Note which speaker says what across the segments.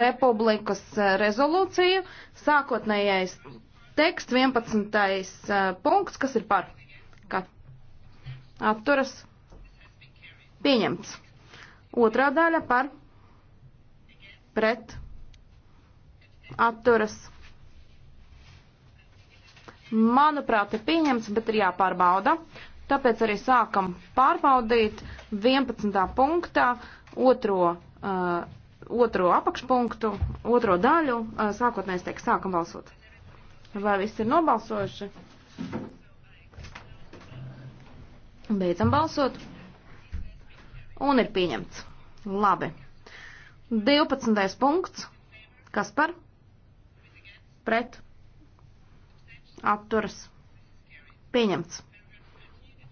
Speaker 1: republikas eh, rezolūciju, sākotnējais teksts, 11. Eh, punkts, kas ir par, ka atturas pieņemts. Otrā daļa par, pret, atturas. Manuprāt, ir pieņemts, bet ir jāpārbauda. Tāpēc arī sākam pārbaudīt 11. punktā otro uh, otro apakšpunktu, otro daļu, eh, sākotnēs teiks, sākam balsot. Vai viss ir nobalsojuši? Beidzam balsot. Un ir pieņemts. Labi. 12. punkts. Kas par? Pret. Atturas. Pieņemts.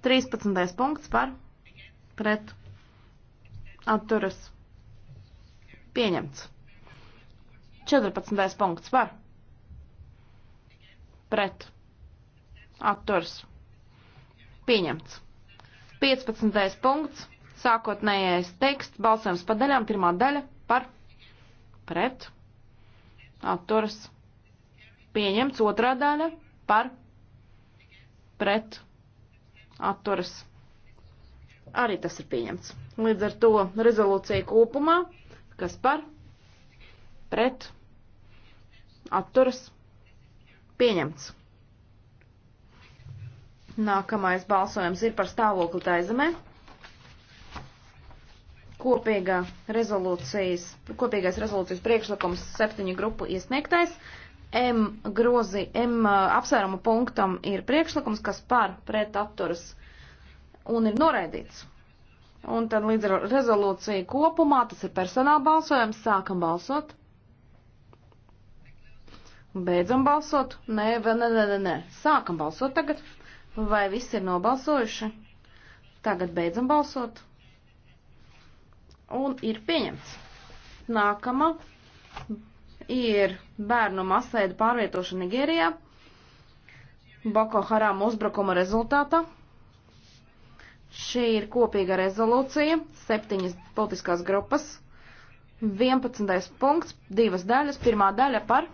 Speaker 1: 13. punkts par. Pret. Atturas. Pieņemts. 14. punkts par. Pret. Atturs. Pieņemts. 15. punkts. Sākotnējais teksts. Balsojums pa daļām. Pirmā daļa par. Pret. Atturs. Pieņemts. Otrā daļa par. Pret. Atturs. Arī tas ir pieņemts. Līdz ar to rezolūcija kopumā. Kas par? Pret. Atturas. Pieņemts. Nākamais balsojums ir par stāvokli taizemē. Kopīgā rezolūcijas, kopīgais rezolūcijas priekšlikums septiņu grupu iesniegtais. M grozi, M uh, apsvērumu punktam ir priekšlikums, kas par pret atturas un ir noraidīts. Un tad līdz ar rezolūciju kopumā, tas ir personāla balsojums, sākam balsot. Beidzam balsot. Nē, vēl nē, nē, nē. Sākam balsot tagad. Vai visi ir nobalsojuši? Tagad beidzam balsot. Un ir pieņemts. Nākamā ir bērnu masveida pārvietošana Nigērijā. Boko Haram uzbrukuma rezultātā Šī ir kopīga rezolūcija, septiņas politiskās grupas, 11. punkts, divas daļas, pirmā daļa par,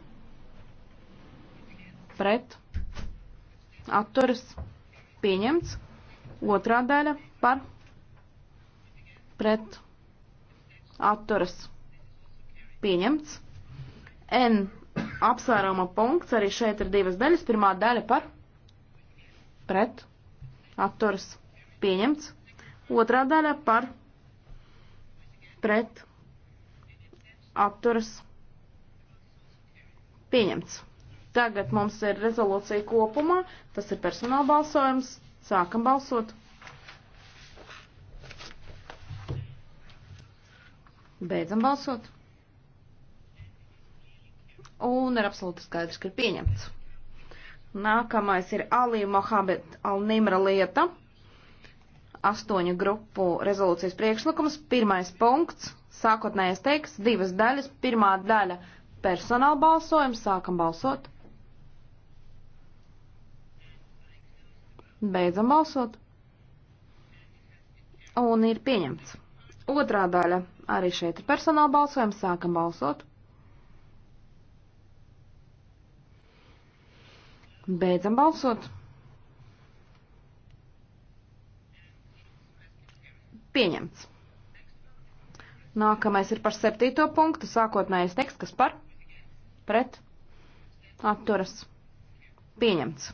Speaker 1: pret, atturas, pieņemts, otrā daļa par, pret, atturas, pieņemts, N apsvērama punkts, arī šeit ir divas daļas, pirmā daļa par, pret, atturas, pieņemts pieņemts. Otrā daļa par pret apturas pieņemts. Tagad mums ir rezolūcija kopumā, tas ir personāla balsojums, sākam balsot. Beidzam balsot. Un ir absolūti skaidrs, ka ir pieņemts. Nākamais ir Alī Mohamed Alnimra lieta astoņu grupu rezolūcijas priekšlikums. Pirmais punkts, sākotnējais teiks, divas daļas. Pirmā daļa - personāla balsojums, sākam balsot. Beidzam balsot. Un ir pieņemts. Otrā daļa - arī šeit ir personāla balsojums, sākam balsot. Beidzam balsot. Pieņemts. Nākamais ir par septīto punktu, sākotnējais teksts, kas par, pret, atturas, pieņemts.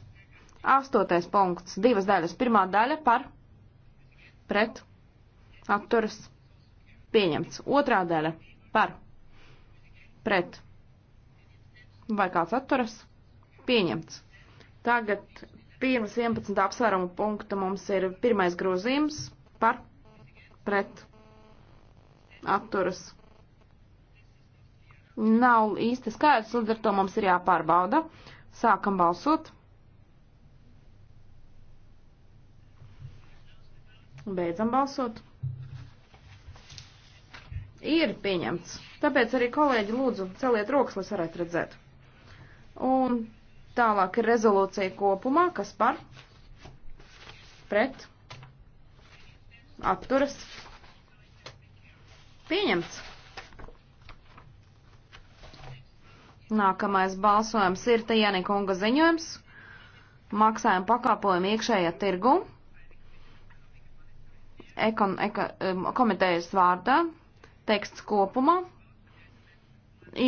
Speaker 1: Astotais punkts, divas daļas, pirmā daļa par, pret, atturas, pieņemts. Otrā daļa par, pret, vai kāds atturas, pieņemts. Tagad pirms 11. apsvērumu punkta mums ir pirmais grozījums par, pret pret atturas. Nav īsti skaidrs, līdz ar to mums ir jāpārbauda. Sākam balsot. Beidzam balsot. Ir pieņemts. Tāpēc arī kolēģi lūdzu celiet rokas, lai varētu redzēt. Un tālāk ir rezolūcija kopumā, kas par pret Apturas. Pieņemts. Nākamais balsojums ir Tajani kunga ziņojums. Maksājuma pakāpojuma iekšējā tirgu. Ekon, eka, komitejas vārdā. Teksts kopumā.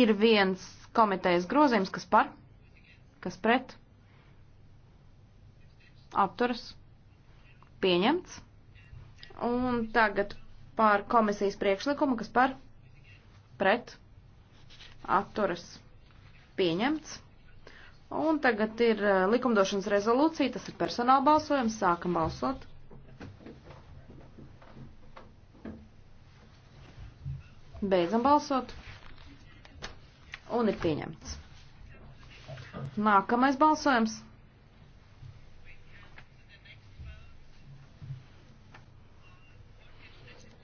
Speaker 1: Ir viens komitejas grozījums, kas par, kas pret. Apturas. Pieņemts. Un tagad par komisijas priekšlikumu, kas par pret atturas pieņemts. Un tagad ir eh, likumdošanas rezolūcija, tas ir personāla balsojums, sākam balsot. Beidzam balsot. Un ir pieņemts. Nākamais balsojums.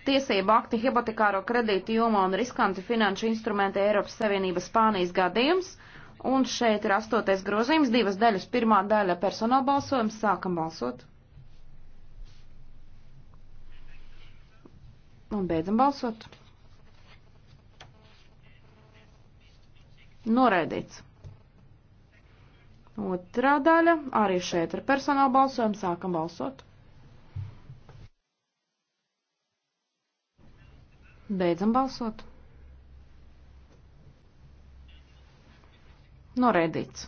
Speaker 1: tiesību akti hipotekāro kredītu jomā un riskanti finanšu instrumenti Eiropas Savienības Spānijas gadījums. Un šeit ir astotais grozījums, divas daļas. Pirmā daļa personāla balsojums, sākam balsot. Un beidzam balsot. Noraidīts. Otrā daļa, arī šeit ir personāla balsojums, sākam balsot. Beidzam balsot. Noreidīts.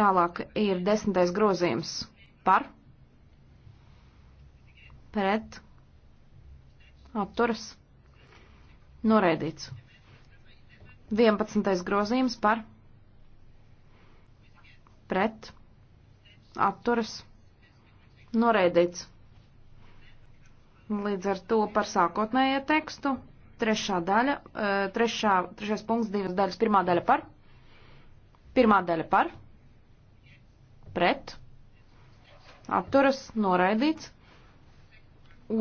Speaker 1: Tālāk ir desmitais grozījums par, pret, apturas, noreidīts. Vienpadsmitais grozījums par, pret, apturas, noreidīts. Līdz ar to par sākotnējo tekstu. Trešā daļa, e, trešā, trešais punkts, divas daļas. Pirmā daļa par. Pirmā daļa par. Pret. Apturas noraidīts.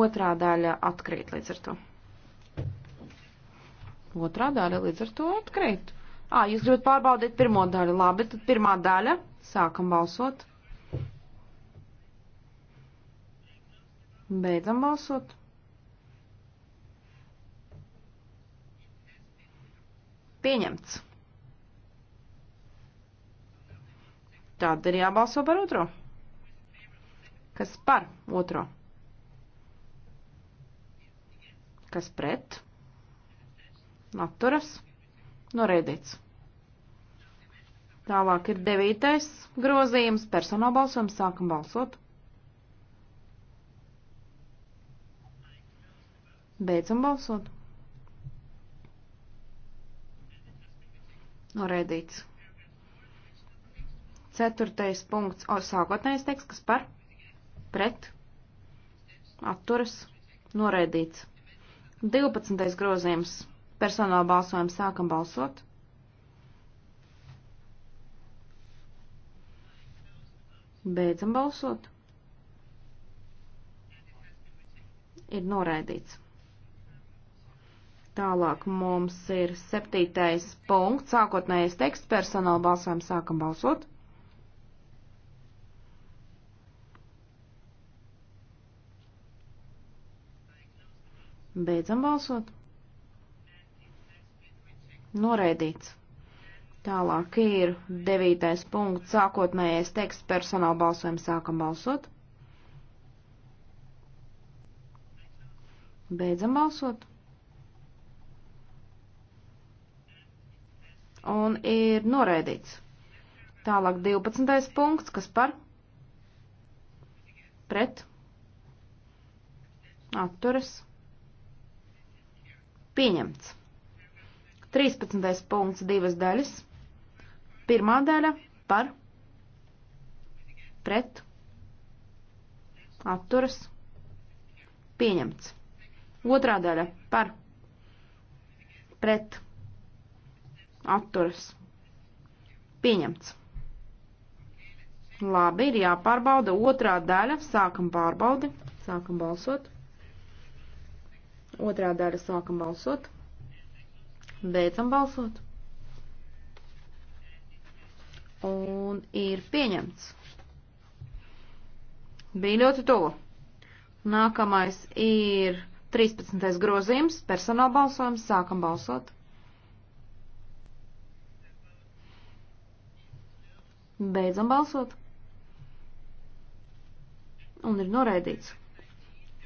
Speaker 1: Otrā daļa atkrīt līdz ar to. Otrā daļa līdz ar to atkrīt. Ā, jūs gribat pārbaudīt pirmo daļu. Labi, tad pirmā daļa. Sākam balsot. Beidzam balsot. Pieņemts. Tad ir jābalso par otro. Kas par otro? Kas pret? Atturas. Noreidīts. Tālāk ir devītais grozījums. Personāla balsojums. Sākam balsot. Beidzam balsot. Noraidīts. Ceturtais punkts, o, sākotnējais teksts, kas par, pret, atturas, noraidīts. 12. grozījums, personāla balsojums, sākam balsot. Beidzam balsot. Ir noraidīts. Tālāk mums ir septītais punkts, sākotnējais teksts, personāla balsojums, sākam balsot. Beidzam balsot. Noreidīts. Tālāk ir devītais punkts, sākotnējais teksts, personāla balsojums, sākam balsot. Beidzam balsot. un ir noraidīts. Tālāk 12. punkts, kas par pret atturas pieņemts. 13. punkts divas daļas. Pirmā daļa par pret atturas pieņemts. Otrā daļa par pret atturas atturas. Pieņemts. Labi, ir jāpārbauda otrā daļa. Sākam pārbaudi. Sākam balsot. Otrā daļa sākam balsot. Beidzam balsot. Un ir pieņemts. Bija ļoti tuvu. Nākamais ir 13. grozījums, personāla balsojums, sākam balsot. Beidzam balsot. Un ir noraidīts.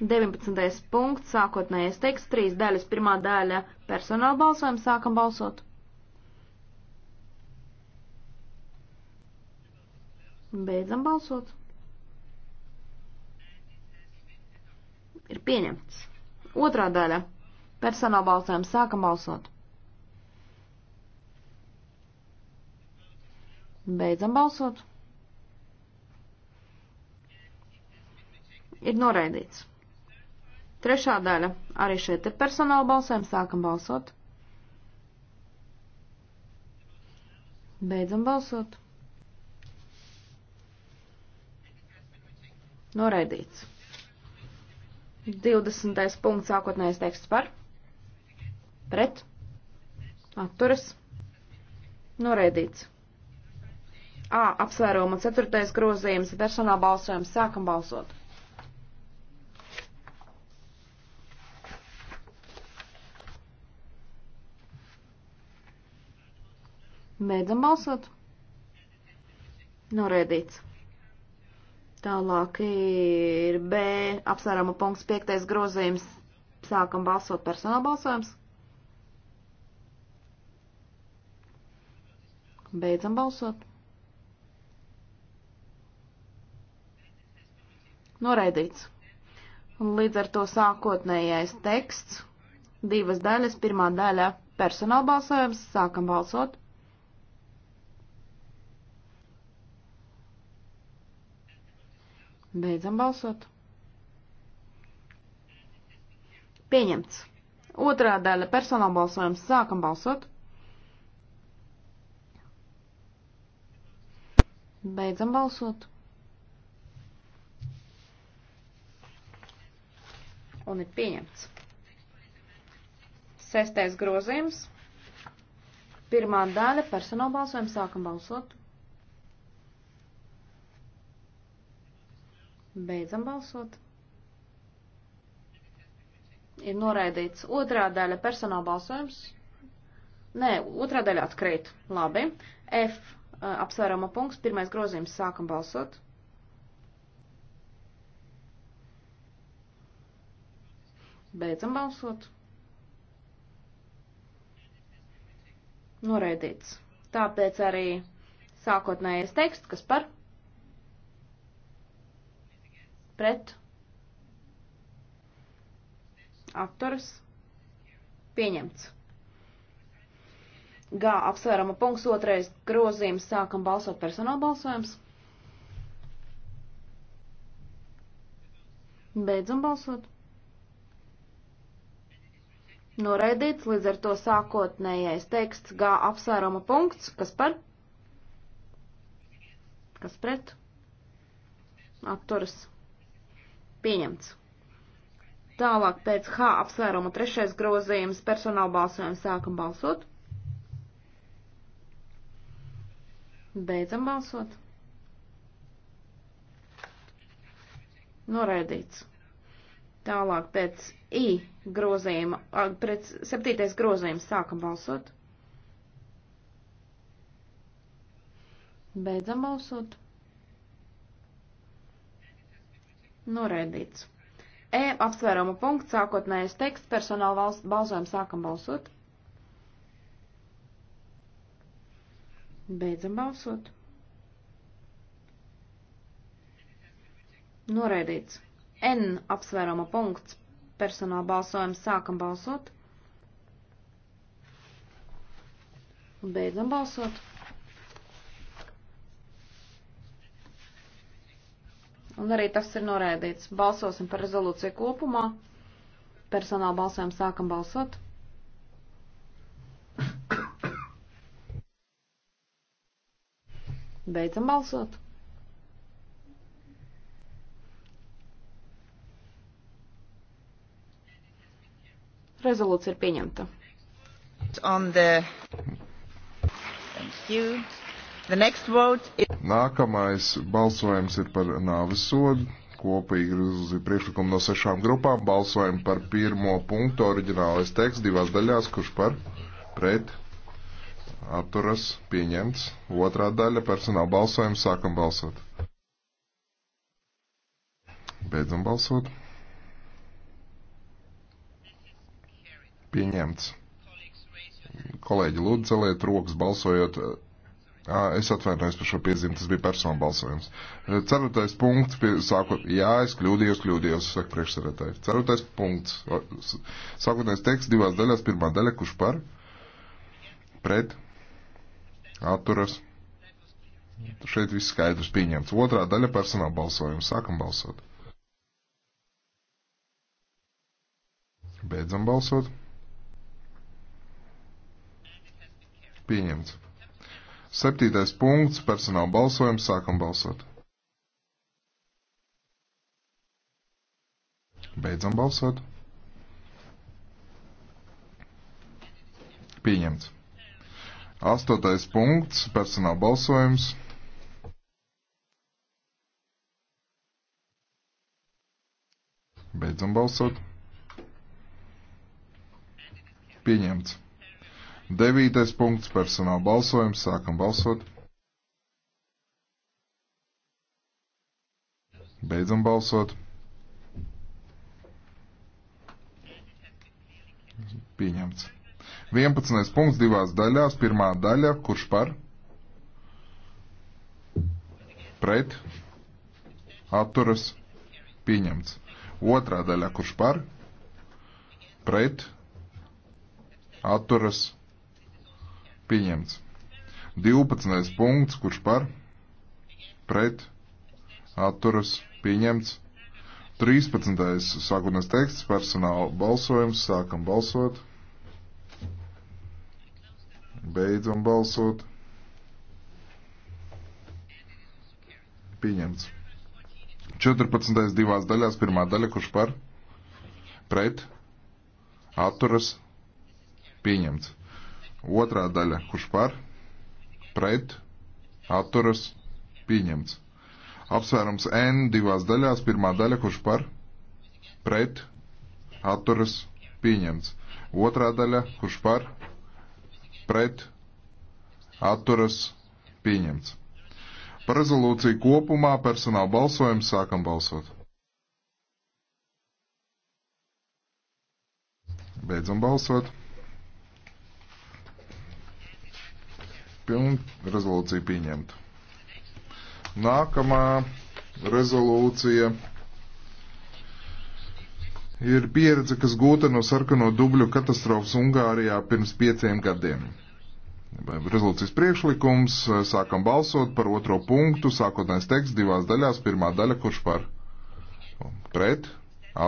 Speaker 1: 19. punkts, sākotnējais teksts, trīs daļas, pirmā daļa personāla balsojuma, sākam balsot. Beidzam balsot. Ir pieņemts. Otrā daļa personāla balsojuma, sākam balsot. Beidzam balsot. Ir noraidīts. Trešā daļa. Arī šeit ir personāla balsojums. Sākam balsot. Beidzam balsot. Noraidīts. 20. punkts sākotnējais teksts par. Pret. Atturas. Noraidīts. A apsvēruma ceturtais grozījums personāla balsojums. Sākam balsot. Beidzam balsot. Norēdīts. Tālāk ir B apsvērama punkts piektais grozījums. Sākam balsot personāla balsojums. Beidzam balsot. Noraidīts. Un līdz ar to sākotnējais teksts, divas daļas, pirmā daļa personāla balsojums, sākam balsot. Beidzam balsot. Pieņemts. Otrā daļa personāla balsojums, sākam balsot. Beidzam balsot. un ir pieņemts. Sestais grozījums. Pirmā daļa personāla balsojuma sākam balsot. Beidzam balsot. Ir noraidīts otrā daļa personāla balsojums. Nē, otrā daļa atkrīt. Labi. F eh, apsvērama punkts, pirmais grozījums sākam balsot. Beidzam balsot. Noraidīts. Tāpēc arī sākotnējais teksts, kas par pret atturas pieņemts. G apsvērama punkts otrais grozījums sākam balsot personāla balsojums. Beidzam balsot. Noraidīts līdz ar to sākotnējais teksts G apsvēruma punkts, kas par, kas pret, atturas, pieņemts. Tālāk pēc H apsvēruma trešais grozījums personāla balsojums sākam balsot. Beidzam balsot. Noraidīts. Tālāk pēc I grozījuma, pēc septītais grozījums sākam balsot. Beidzam balsot. Noraidīts. E apsvēruma punkts, sākotnējais teksts, personāla valsts balsojums sākam balsot. Beidzam balsot. Noraidīts. N apsvērama punkts personāla balsojums. Sākam balsot. Un beidzam balsot. Un arī tas ir norēdīts. Balsosim par rezolūciju kopumā. Personāla balsojumu sākam balsot. Beidzam balsot. Rezolūcija ir pieņemta. The... Is...
Speaker 2: Nākamais balsojums ir par nāves sodu. Kopīgi ir priekšlikumi no sešām grupām. Balsojam par pirmo punktu. Oriģinālais teksts divās daļās, kurš par pret atturas pieņemts. Otrā daļa personāla balsojums. Sākam balsot. Beidzam balsot. Pieņemts. Kolēģi, lūdzu, celiet rokas balsojot. À, es atvainojos par šo piezīmi, tas bija personu balsojums. Ceturtais punkts, pie, sākot, jā, es kļūdījos, kļūdījos, saka priekšsēdētāji. Ceturtais punkts, sākotnēs teksts divās daļās, pirmā daļa, kurš par, pret, atturas. Šeit viss skaidrs pieņemts. Otrā daļa personāla balsojums, sākam balsot. Beidzam balsot. Pieņemts. Septītais punkts - personāla balsojums. Sākam balsot. Beidzam balsot. Pieņemts. Astotais punkts - personāla balsojums. Beidzam balsot. Pieņemts. Devītais punkts - personāla balsojums. Sākam balsot. Beidzam balsot. Pieņemts. 11. punkts divās daļās. Pirmā daļa, kurš par? Pret. Atturas. Pieņemts. Otrā daļa, kurš par? Pret. Atturas. Pieņemts Pieņemts. 12. punkts, kurš par? Pret. Atturas. Pieņemts. 13. sākotnēs teksts, personāla balsojums, sākam balsot. Beidzam balsot. Pieņemts. 14. divās daļās, pirmā daļa, kurš par? Pret. Atturas. Pieņemts. Otrā daļa, kurš par, pret, atturas, pieņemts. Apsvērums N divās daļās, pirmā daļa, kurš par, pret, atturas, pieņemts. Otrā daļa, kurš par, pret, atturas, pieņemts. Par rezolūciju kopumā personāla balsojumu sākam balsot. Beidzam balsot. Un rezolūcija pieņemta. Nākamā rezolūcija ir pieredze, kas gūta no sarkano dubļu katastrofas Ungārijā pirms pieciem gadiem. Rezolūcijas priekšlikums, eh, sākam balsot par otro punktu, sākotnēs teksts divās daļās, pirmā daļa, kurš par pret,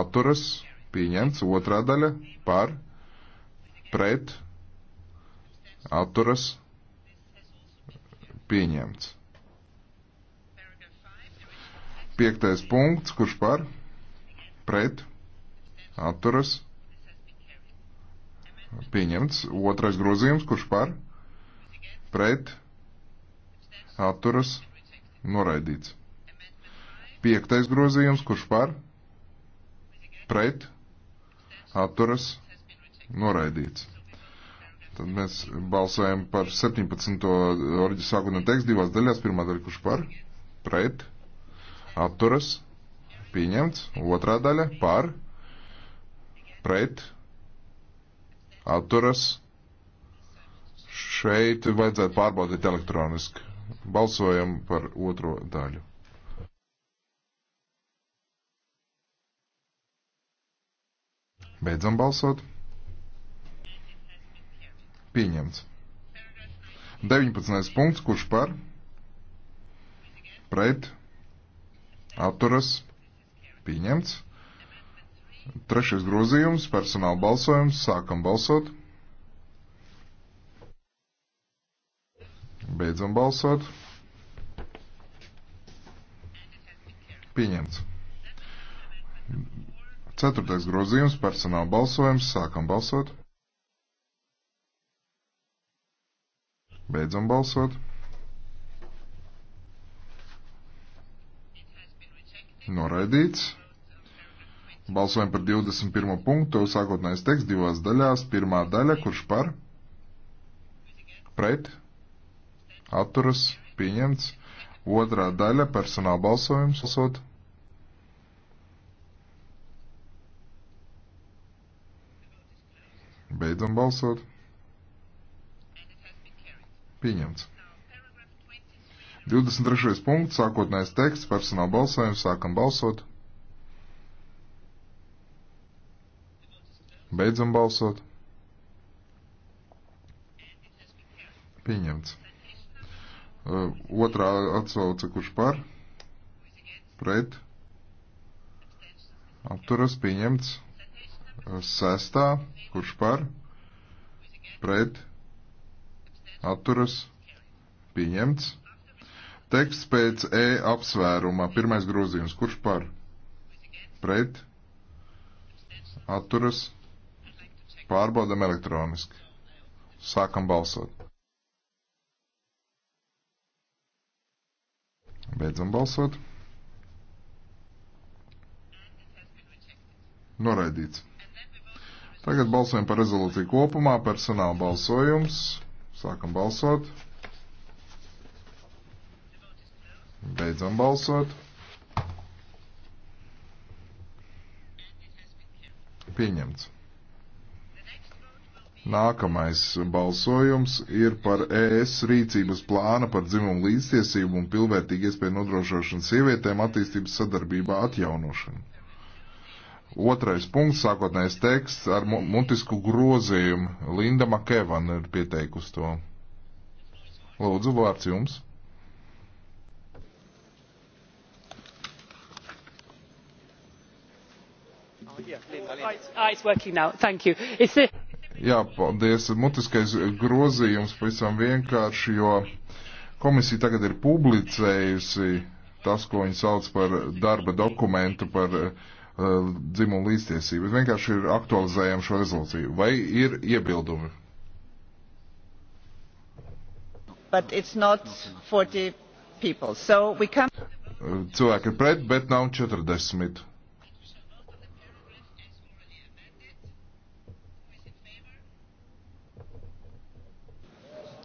Speaker 2: atturas, pieņemts, otrā daļa par pret, atturas, Pieņemts. Piektais punkts, kurš par? Pret. Atturas. Pieņemts. Otrais grozījums, kurš par? Pret. Atturas. Noraidīts. Piektais grozījums, kurš par? Pret. Atturas. Noraidīts. Tad mēs balsojam par 17. orģi sākotnē tekstu divās daļās. Pirmā daļa, kurš par, pret, atturas, pieņemts. Otrā daļa, par, pret, atturas. Šeit vajadzētu pārbaudīt elektroniski. Balsojam par otro daļu. Beidzam balsot. Pieņemts. 19. punkts, kurš par? Pret. Atturas. Pieņemts. Trešais grozījums, personāla balsojums, sākam balsot. Beidzam balsot. Pieņemts. Ceturtais grozījums, personāla balsojums, sākam balsot. Beidzam balsot. Noraidīts. Balsojam par 21. punktu, sākotnējais teksts divās daļās. Pirmā daļa, kurš par? Pret? Atturas? Pieņemts. Otrā daļa, personāla balsojums. Balsot. Beidzam balsot. Pieņemts. 23. punkts, sākotnējais teksts, personāla balsojums, sākam balsot. Beidzam balsot. Pieņemts. Uh, otrā atsauce, kurš par, pret, apturas pieņemts. Uh, sestā, kurš par, pret, atturas pieņemts. Teksts pēc E apsvērumā. Pirmais grozījums. Kurš par? Pret? Atturas? Pārbaudam elektroniski. Sākam balsot. Beidzam balsot. Noraidīts. Tagad balsojam par rezolūciju kopumā, personāla balsojums. Sākam balsot. Beidzam balsot. Pieņemts. Nākamais balsojums ir par ES rīcības plāna par dzimumu līdztiesību un pilnvērtīgu iespēju nodrošošanu sievietēm attīstības sadarbībā atjaunošanu. Otrais punkts, sākotnējais teksts ar mutisku grozījumu. Linda Makevana ir pieteikusi to. Lūdzu, vārds jums.
Speaker 1: Oh, oh,
Speaker 2: Jā, paldies. Mutiskais grozījums pavisam vienkārši, jo komisija tagad ir publicējusi tas, ko viņi sauc par darba dokumentu, par uh, Eh, dzimumu līdztiesību. Es vienkārši aktualizējam šo rezolūciju. Vai ir iebildumi?
Speaker 1: But it's not 40 people, so we can...
Speaker 2: Eh, cilvēki ir pret, bet nav 40.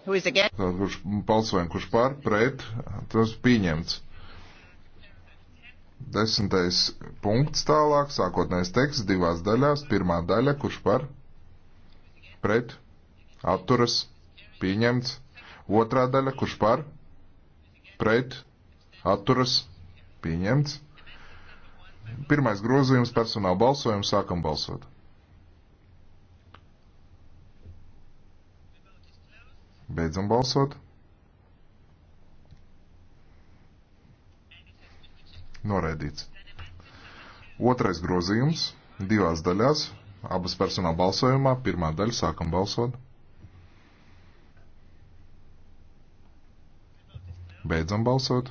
Speaker 1: Kurš
Speaker 2: balsojam, kurš pār, pret, tas pieņemts. Desmitais punkts tālāk, sākotnējais teksts divās daļās. Pirmā daļa, kurš par, pret, atturas, pieņemts. Otrā daļa, kurš par, pret, atturas, pieņemts. Pirmais grozījums personāla balsojums, sākam balsot. Beidzam balsot. Noraidīts. Otrais grozījums divās daļās, abas personāla balsojumā. Pirmā daļa sākam balsot. Beidzam balsot.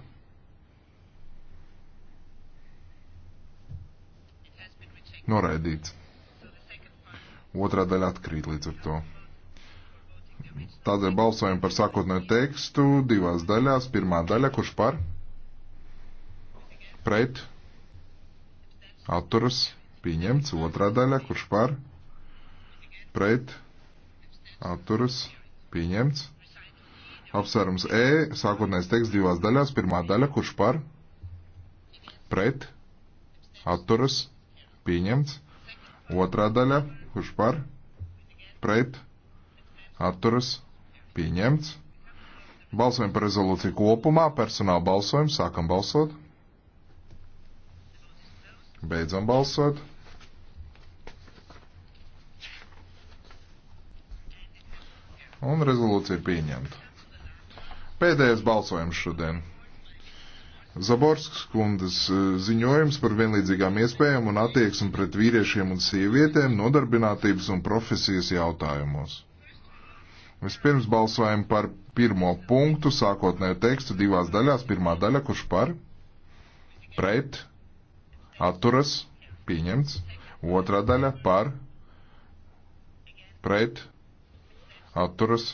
Speaker 2: Noraidīts. Otrā daļa atkrīt līdz ar to. Tādēļ balsojam par sākotnēju tekstu divās daļās. Pirmā daļa, kurš par? pret, atturas, pieņemts. Otrā daļa, kurš par, pret, atturas, pieņemts. Apsvērums E, sākotnējais teksts divās daļās. Pirmā daļa, kurš par, pret, atturas, pieņemts. Otrā daļa, kurš par, pret, atturas, pieņemts. Balsojam par rezolūciju kopumā, personāla balsojumu, sākam balsot. Beidzam balsot. Un rezolūcija pieņemta. Pēdējais balsojums šodien. Zaborskas kundas e, ziņojums par vienlīdzīgām iespējām un attieksmi pret vīriešiem un sievietēm nodarbinātības un profesijas jautājumos. Vispirms balsojam par pirmo punktu, sākotnēju tekstu divās daļās. Pirmā daļa, kurš par? Pret? atturas, pieņemts. Otrā daļa par, pret, atturas,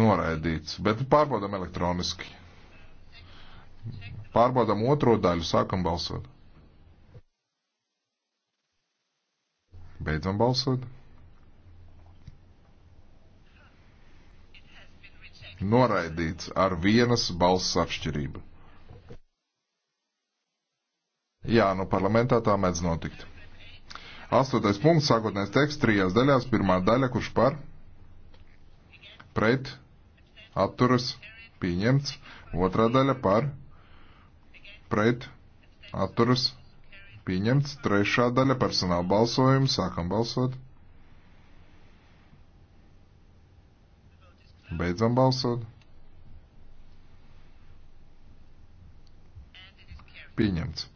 Speaker 2: noraidīts. Bet pārbaudam elektroniski. Pārbaudam otro daļu, sākam balsot. Beidzam balsot. Noraidīts ar vienas balss atšķirību. Jā, nu parlamentā tā mēdz notikt. Astotais punkts, sākotnēs teksts trijās daļās. Pirmā daļa, kurš par, pret, atturas, pieņemts. Otrā daļa par, pret, atturas, pieņemts. Trešā daļa personāla balsojuma, sākam balsot. Beidzam balsot. Pieņemts.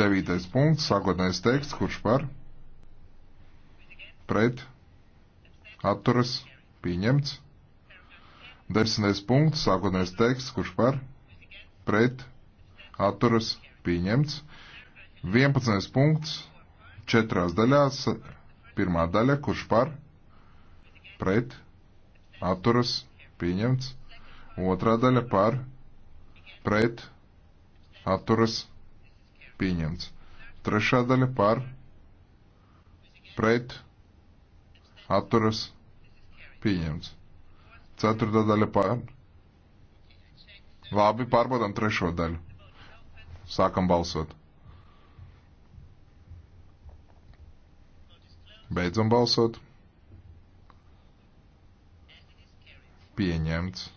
Speaker 2: Devītais punkts, sākotnējais teksts, kurš par, pret, atturas, pieņemts. Desmitais punkts, sākotnējais teksts, kurš par, pret, atturas, pieņemts. Vienpadsmitais punkts, četrās daļās, pirmā daļa, kurš par, pret, atturas, pieņemts. Otrā daļa par, pret, atturas, pieņemts pieņemts. Trešā daļa par, pret, atturas, pieņemts. Ceturtā daļa par. Labi, pārbaudām trešo daļu. Sākam balsot. Beidzam balsot. Pieņemts.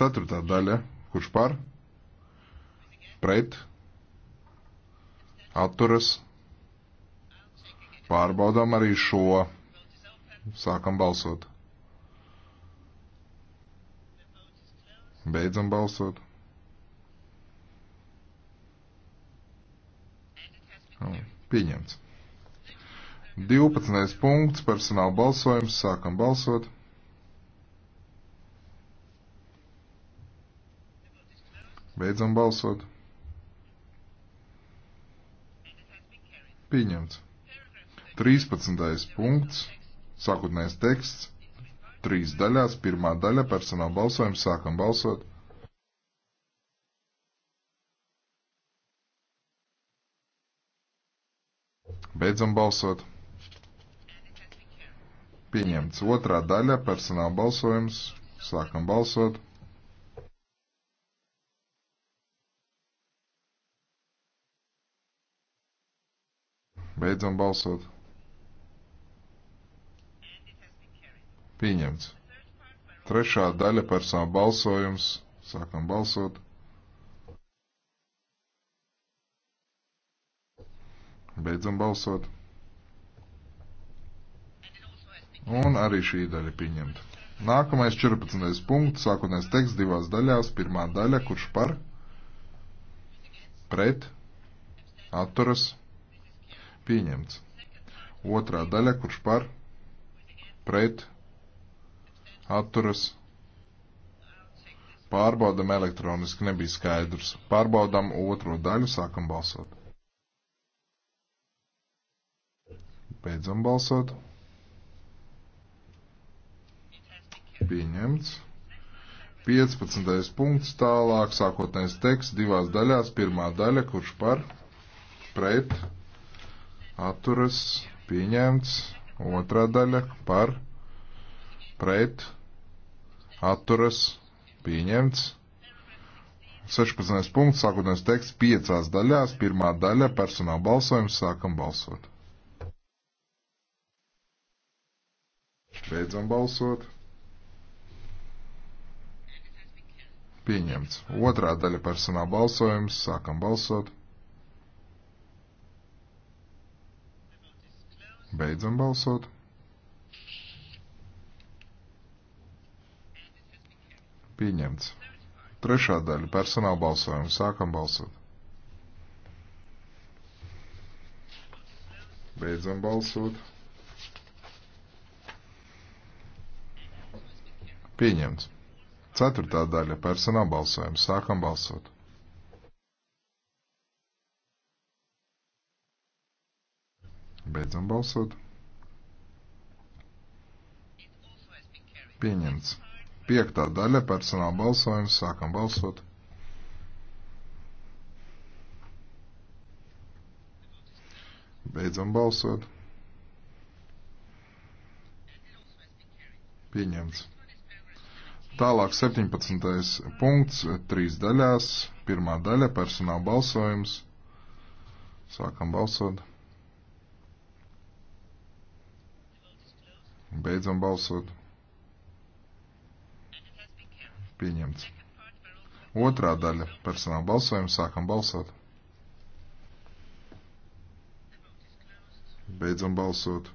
Speaker 2: Ceturtā daļa. Kurš par? Pret atturas. Pārbaudām arī šo. Sākam balsot. Beidzam balsot. Nu, pieņemts. 12. punkts personāla balsojums. Sākam balsot. Beidzam balsot. Pieņemts. 13. punkts, sākotnējais teksts, trīs daļās, pirmā daļa personāla balsojums, sākam balsot. Beidzam balsot. Pieņemts otrā daļa personāla balsojums, sākam balsot. Beidzam balsot. Pieņemts. Trešā daļa personāla balsojums. Sākam balsot. Beidzam balsot. Un arī šī daļa pieņemta. Nākamais 14. punkts, sākotnēs teksts divās daļās. Pirmā daļa, kurš par, pret, atturas, Pieņemts. Otrā daļa, kurš par, pret, atturas. Pārbaudam elektroniski, nebija skaidrs. Pārbaudam otro daļu, sākam balsot. Beidzam balsot. Pieņemts. 15. punkts tālāk, sākotnējs teksts divās daļās. Pirmā daļa, kurš par, pret, atturas atturas pieņemts, otrā daļa par pret atturas pieņemts. 16. punkts, sākotnēs teksts, piecās daļās, pirmā daļa personāla balsojums, sākam balsot. Beidzam balsot. Pieņemts. Otrā daļa personāla balsojums, sākam balsot. Beidzam balsot. Pieņemts. Trešā daļa personāla balsojuma. Sākam balsot. Beidzam balsot. Pieņemts. Ceturtā daļa personāla balsojuma. Sākam balsot. Beidzam balsot. Pieņemts. Piektā daļa personāla balsojums. Sākam balsot. Beidzam balsot. Pieņemts. Tālāk 17. punkts, trīs daļās. Pirmā daļa - personāla balsojums. Sākam balsot. Beidzam balsot. Pieņemts. Otrā daļa personāla balsojuma. Sākam balsot. Beidzam balsot.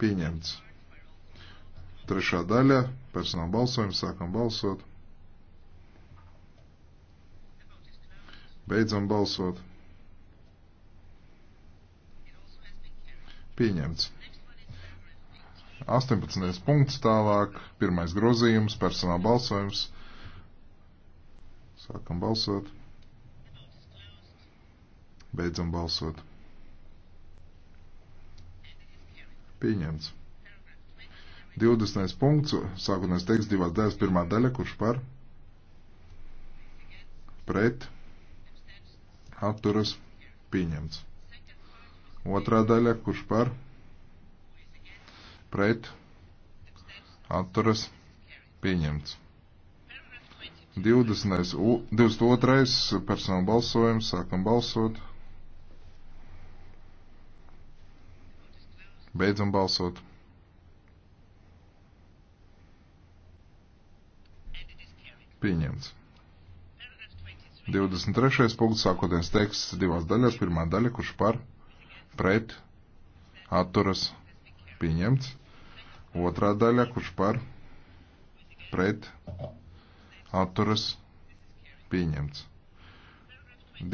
Speaker 2: Pieņemts. Trešā daļa personāla balsojuma. Sākam balsot. Beidzam balsot. Pieņemts. 18. punkts tālāk, pirmais grozījums, personāla balsojums. Sākam balsot. Beidzam balsot. Pieņemts. 20. punkts, sākotnēs teksts divās daļas, pirmā daļa, kurš par, pret, atturas, pieņemts. Otrā daļa, kurš par? Pret. Atturas. Pieņemts. 20. 22. personāla balsojums. Sākam balsot. Beidzam balsot. Pieņemts. 23. punkts, sākoties teksts divās daļās. Pirmā daļa, kurš par? pret, atturas, pieņemts. Otrā daļa, kurš par, pret, atturas, pieņemts.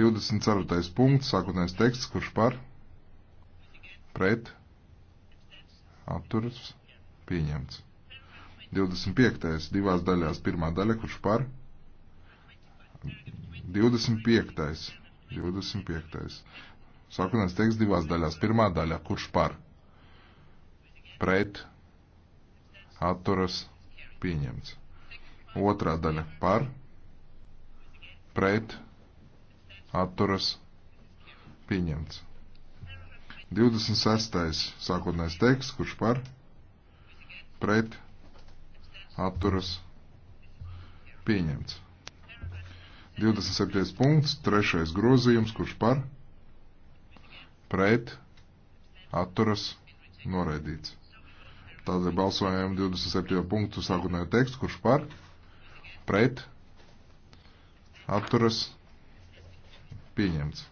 Speaker 2: 24. punkts, sākotnējais teksts, kurš par, pret, atturas, pieņemts. 25. divās daļās, pirmā daļa, kurš par, 25. 25. Sākotnēs teksts divās daļās. Pirmā daļa, kurš par, pret, atturas, pieņemts. Otrā daļa, par, pret, atturas, pieņemts. 26. sākotnēs teksts, kurš par, pret, atturas, pieņemts. 27. punkts, trešais grozījums, kurš par, pret, atturas, noraidīts. Tādēļ balsojam 27. punktu sākotnējo tekstu, kurš par, pret, atturas, pieņemts.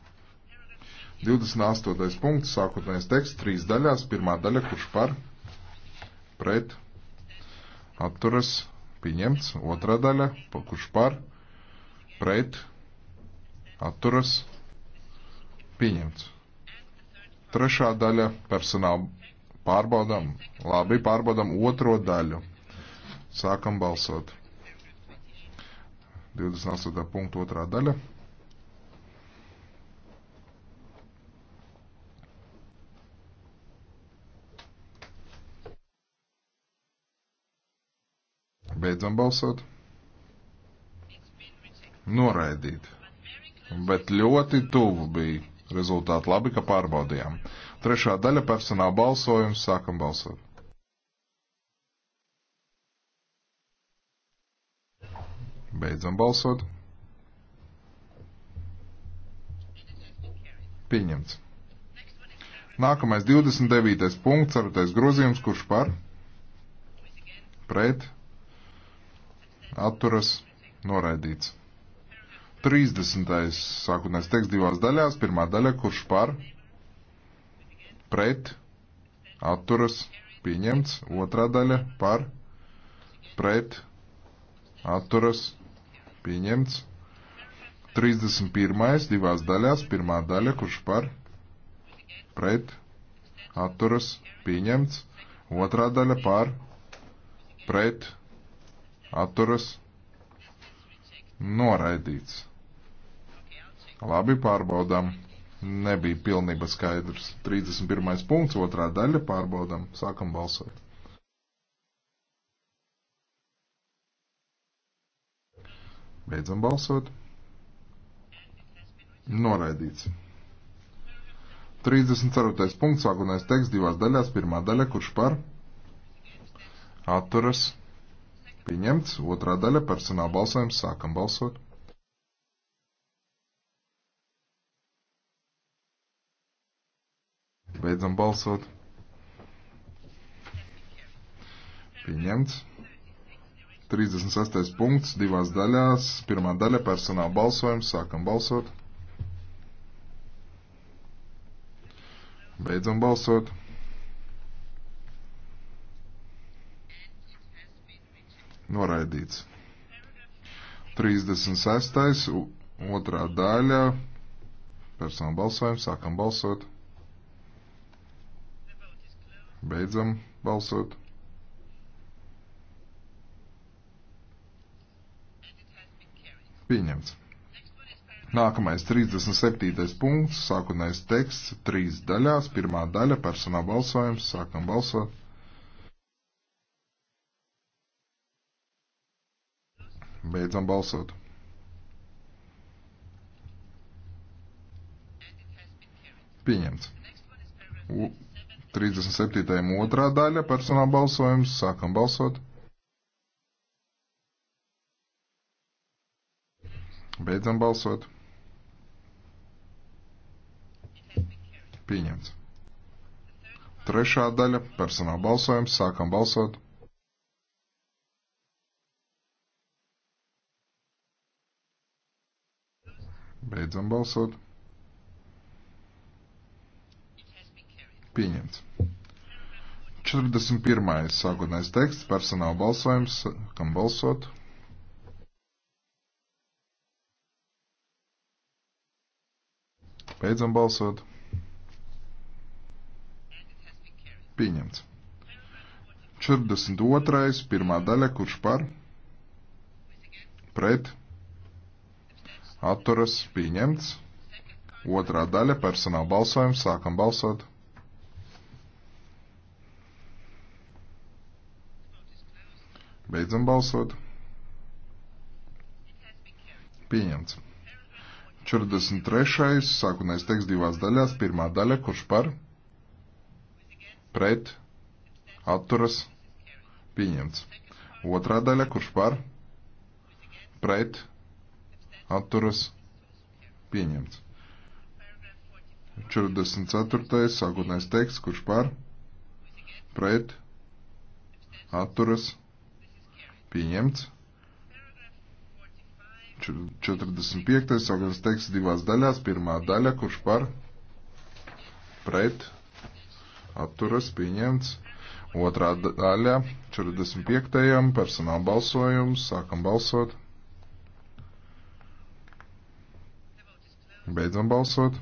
Speaker 2: 28. punkts, sākotnējais teksts, trīs daļās, pirmā daļa, kurš par, pret, atturas, pieņemts, otrā daļa, kurš par, pret, atturas, pieņemts. Trešā daļa personāla pārbaudām. Labi, pārbaudām otro daļu. Sākam balsot. 28. punktu otrā daļa. Beidzam balsot. Noraidīt. Bet ļoti tuvu bija. Rezultāti labi, ka pārbaudījām. Trešā daļa personāla balsojums. Sākam balsot. Beidzam balsot. Pieņemts. Nākamais 29. punkts, 4. grozījums, kurš par? Pret. Atturas. Noraidīts. 30. sākotnēs teksts divās daļās. Pirmā daļa, kurš par, pret, atturas, pieņemts. Otrā daļa, par, pret, atturas, pieņemts. 31. divās daļās, pirmā daļa, kurš par, pret, atturas, pieņemts. Otrā daļa par, pret, atturas, noraidīts. Labi, pārbaudām. Nebija pilnība skaidrs. 31. punkts, otrā daļa, pārbaudām. Sākam balsot. Beidzam balsot. Noraidīts. 34. punkts, sākotnējais teksts divās daļās. Pirmā daļa, kurš par atturas pieņemts, otrā daļa personāla balsojums, sākam balsot. Beidzam balsot. Pieņemts. 36. punkts divās daļās. Pirmā daļa personāla balsojums. Sākam balsot. Beidzam balsot. Noraidīts. 36. otrā daļa personāla balsojums. Sākam balsot. Beidzam balsot. Pieņemts. Nākamais 37. punkts, sākotnējais teksts, trīs daļās, pirmā daļa personāla balsojums, sākam balsot. Beidzam balsot. Pieņemts. U 37. otrā daļa personāla balsojums. Sākam balsot. Beidzam balsot. Pieņemts. Trešā daļa personāla balsojums. Sākam balsot. Beidzam balsot. Pieņemts. 41. sākotnējais teksts, personāla balsojums, kam balsot. Beidzam balsot. Pieņemts. 42. pirmā daļa, kurš par? Pret. Atturas pieņemts. Otrā daļa, personāla balsojums, sākam balsot. Beidzam balsot. Pieņemts. 43. sākotnējais teksts divās daļās. Pirmā daļa, kurš par, pret, atturas, pieņemts. Otrā daļa, kurš par, pret, atturas, pieņemts. 44. sākotnējais teksts, kurš par, pret, atturas, pieņemts Pieņemts. 45. savukārt teksts divās daļās. Pirmā daļa, kurš par pret atturas pieņemts. Otrā daļa, 45. personāla balsojums. Sākam balsot. Beidzam balsot.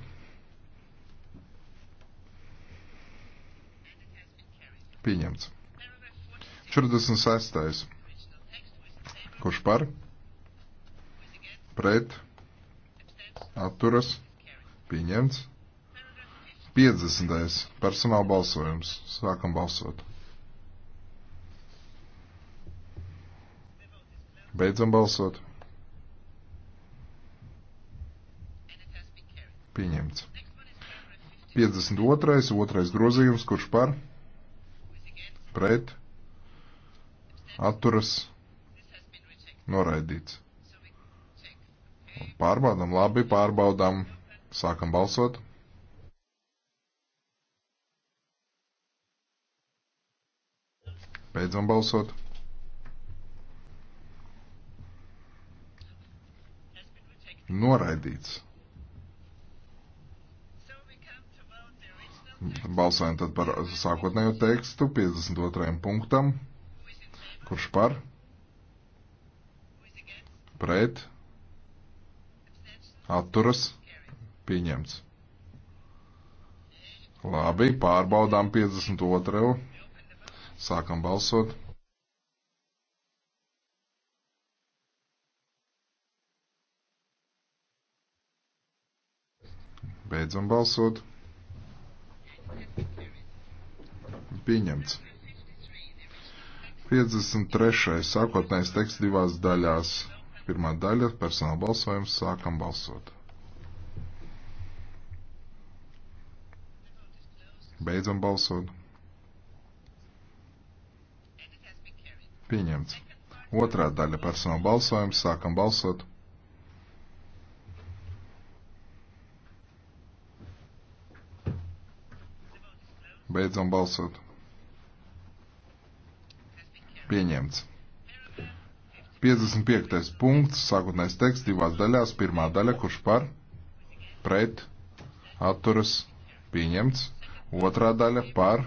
Speaker 2: Pieņemts. 46. Kurš par? Pret. Atturas. Pieņemts. 50. Personāla balsojums. Sākam balsot. Beidzam balsot. Pieņemts. 52. otrais grozījums, kurš par? Pret. Atturas. Noraidīts. Pārbaudām, labi, pārbaudām. Sākam balsot. Beidzam balsot. Noraidīts. Balsojam tad par sākotnējo tekstu 52. punktam. Kurš par? pret, atturas, pieņemts. Labi, pārbaudām 52. Sākam balsot. Beidzam balsot. Pieņemts. 53. sākotnējs teksts divās daļās. Pirmā daļa - personāla balsojums. Sākam balsot. Beidzam balsot. Pieņemts. Otrā daļa - personāla balsojums. Sākam balsot. Beidzam balsot. Pieņemts. 55. punkts, sākotnējais teksts divās daļās. Pirmā daļa, kurš par, pret, atturas, pieņemts. Otrā daļa par,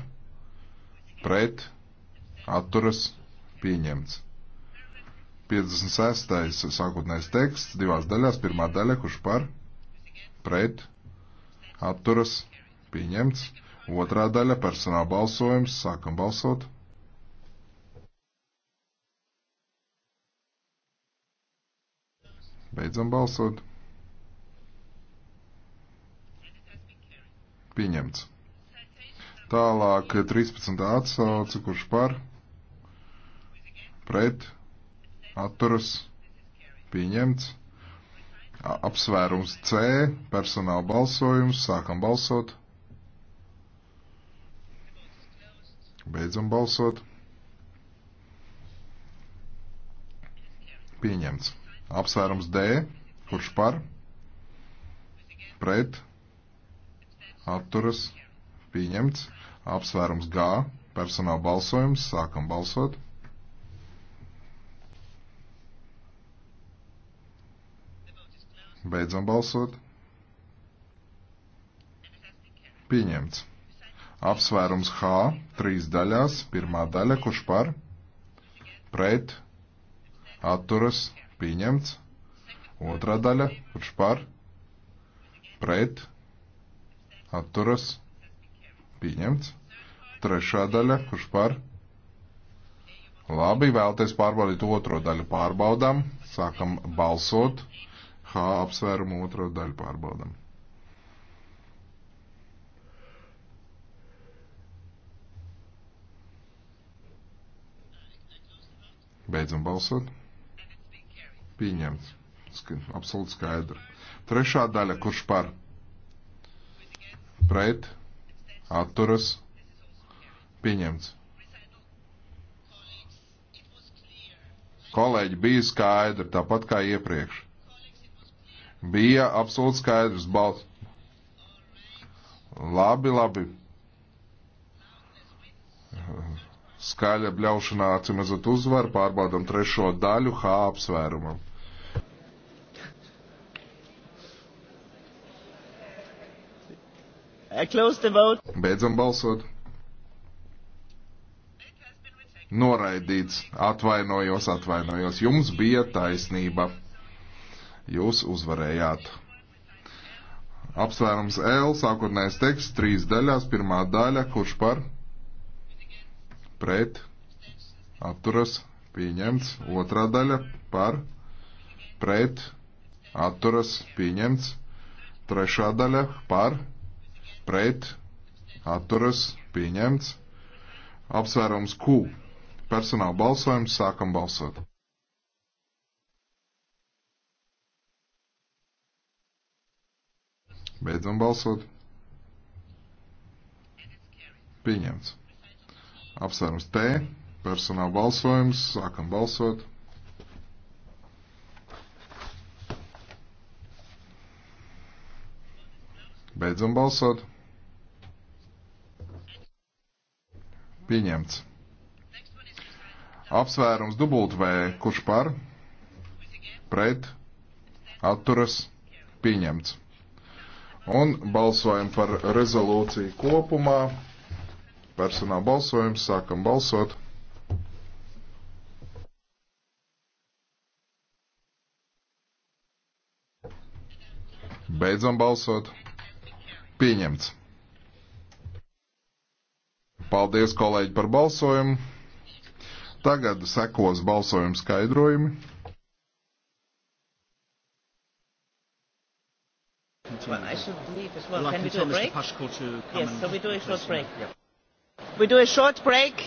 Speaker 2: pret, atturas, pieņemts. 56. sākotnējais teksts divās daļās. Pirmā daļa, kurš par, pret, atturas, pieņemts. Otrā daļa personāla balsojums. Sākam balsot. Beidzam balsot. Pieņemts. Tālāk 13. atsauce, kurš par, pret, atturas, pieņemts. Apsvērums C, personāla balsojums, sākam balsot. Beidzam balsot. Pieņemts. Apsvērums D. Kurš par? Pret. Atturas. Pieņemts. Apsvērums G. Personāla balsojums. Sākam balsot. Beidzam balsot. Pieņemts. Apsvērums H trīs daļās. Pirmā daļa, kurš par, pret, atturas, Pieņemts. Otrā daļa. Kurš par? Pret. Atturas. Pieņemts. Trešā daļa. Kurš par? Labi, vēlties pārbaudīt otro daļu. Pārbaudām. Sākam balsot. H apsvērumu otro daļu pārbaudām. Beidzam balsot. Pieņemts. Absolūti skaidri. Trešā daļa, kurš par? Pret. Atturas. Pieņemts. Kolēģi bija skaidri, tāpat kā iepriekš. Bija absolūti skaidrs balss. Labi, labi. Skaļa bļaušanā acīm redzot uzvaru, pārbaudam trešo daļu H apsvērumam.
Speaker 1: Uh,
Speaker 2: Beidzam balsot. Noraidīts, atvainojos, atvainojos. Jums bija taisnība. Jūs uzvarējāt. Apsvērums L, sākotnējais teksts, trīs daļās. Pirmā daļa, kurš par? Pret. Atturas. Pieņemts. Otrā daļa par. Pret. Atturas. Pieņemts. Trešā daļa par pret, atturas, pieņemts. Apsvērums Q. Personāla balsojums, sākam balsot. Beidzam balsot. Pieņemts. Apsvērums T. Personāla balsojums, sākam balsot. Beidzam balsot. Pieņemts. Apsvērums dubultvē, kurš par, pret, atturas, pieņemts. Un balsojam par rezolūciju kopumā. Personāla balsojums, sākam balsot. Beidzam balsot. Pieņemts. Paldies, kolēģi, par balsojumu. Tagad sekos balsojumu skaidrojumi. Well, I should leave as well. well Can we do a break? Yes, so we do a short
Speaker 1: break. Yeah. We do a short break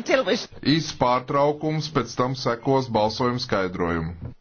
Speaker 2: until we... Īs pārtraukums, pēc tam sekos balsojumu skaidrojumu.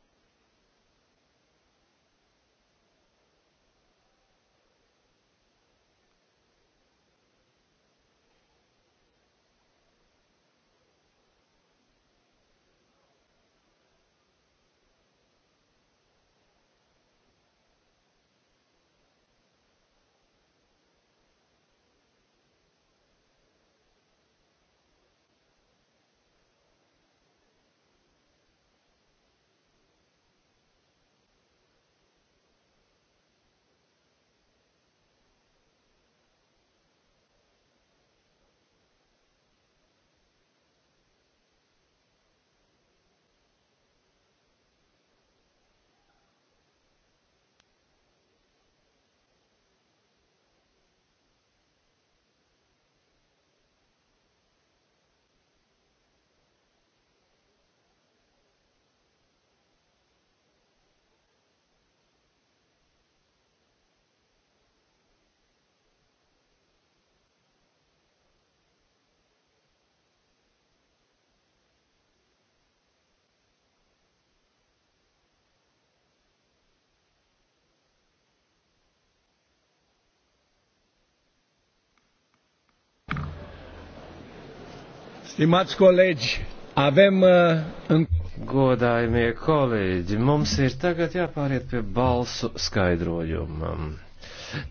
Speaker 1: Stimați colegi, avem
Speaker 2: uh, în... Godājumie kolēģi, mums ir tagad jāpāriet pie balsu skaidrojumam.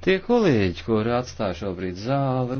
Speaker 2: Tie kolēģi, kuri atstāja šobrīd zāli,